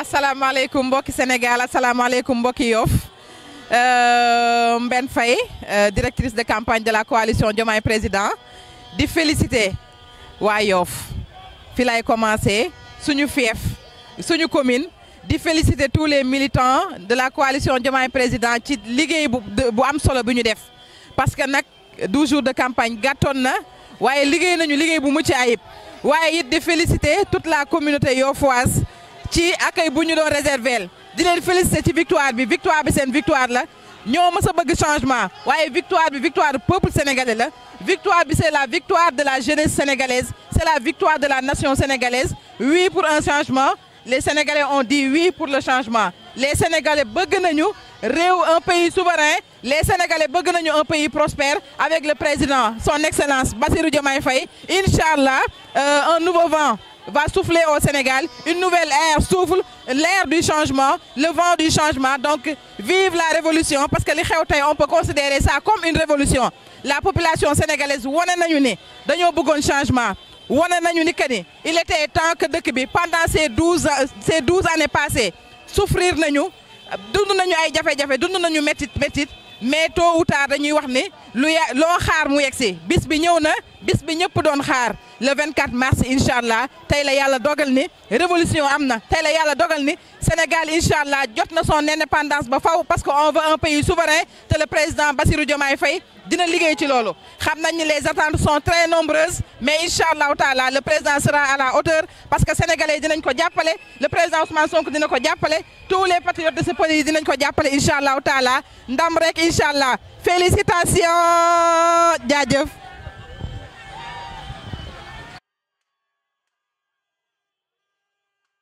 assalamu alaikum, Sénégal Assalamu Yoff euh, Faye euh, directrice de campagne de la coalition demain Président di féliciter wa Yoff fi commencé suñu fief suñu commune di féliciter tous les militants de la coalition demain Président ci ont bu solo def parce que a 12 jours de campagne il na waye nañu bu mucc ayib féliciter toute la communauté yoffoise qui accueil beaucoup de réservé di Félix, c'est victoire bi victoire c'est une victoire la avons un changement Oui, victoire victoire du peuple sénégalais la victoire c'est la victoire de la jeunesse sénégalaise c'est la victoire de la nation sénégalaise oui pour un changement les sénégalais ont dit oui pour le changement les sénégalais bëgg nañu un pays souverain les sénégalais bëgg un pays prospère avec le président son excellence Bassirou Diomaye Faye euh, un nouveau vent va souffler au Sénégal. Une nouvelle ère souffle, l'ère du changement, le vent du changement. Donc, vive la révolution, parce que les on peut considérer ça comme une révolution. La population sénégalaise, changement. Il était temps que pendant ces 12, ces 12 années passées, souffrir nous, nous nañu nous nous mais tôt ou tard nous wax nous, nous, nous bis bi ñëpp doon xaar le 24 mars inshallah tay la yàlla dogal ni révolution am na la yàlla dogal ni Sénégal inshallah jot na son indépendance ba parce que veut un pays souverain te le président Bassirou Diomaye Faye dina liggéey ci loolu xam les attentes sont très nombreuses mais inshallah taala le président sera à la hauteur parce que sénégalais dinañ ko jàppale le président Ousmane Sonko dina ko jàppale tous les patriotes de ce pays dinañ ko jàppale inshallah taala ndam rek félicitations jaajëf.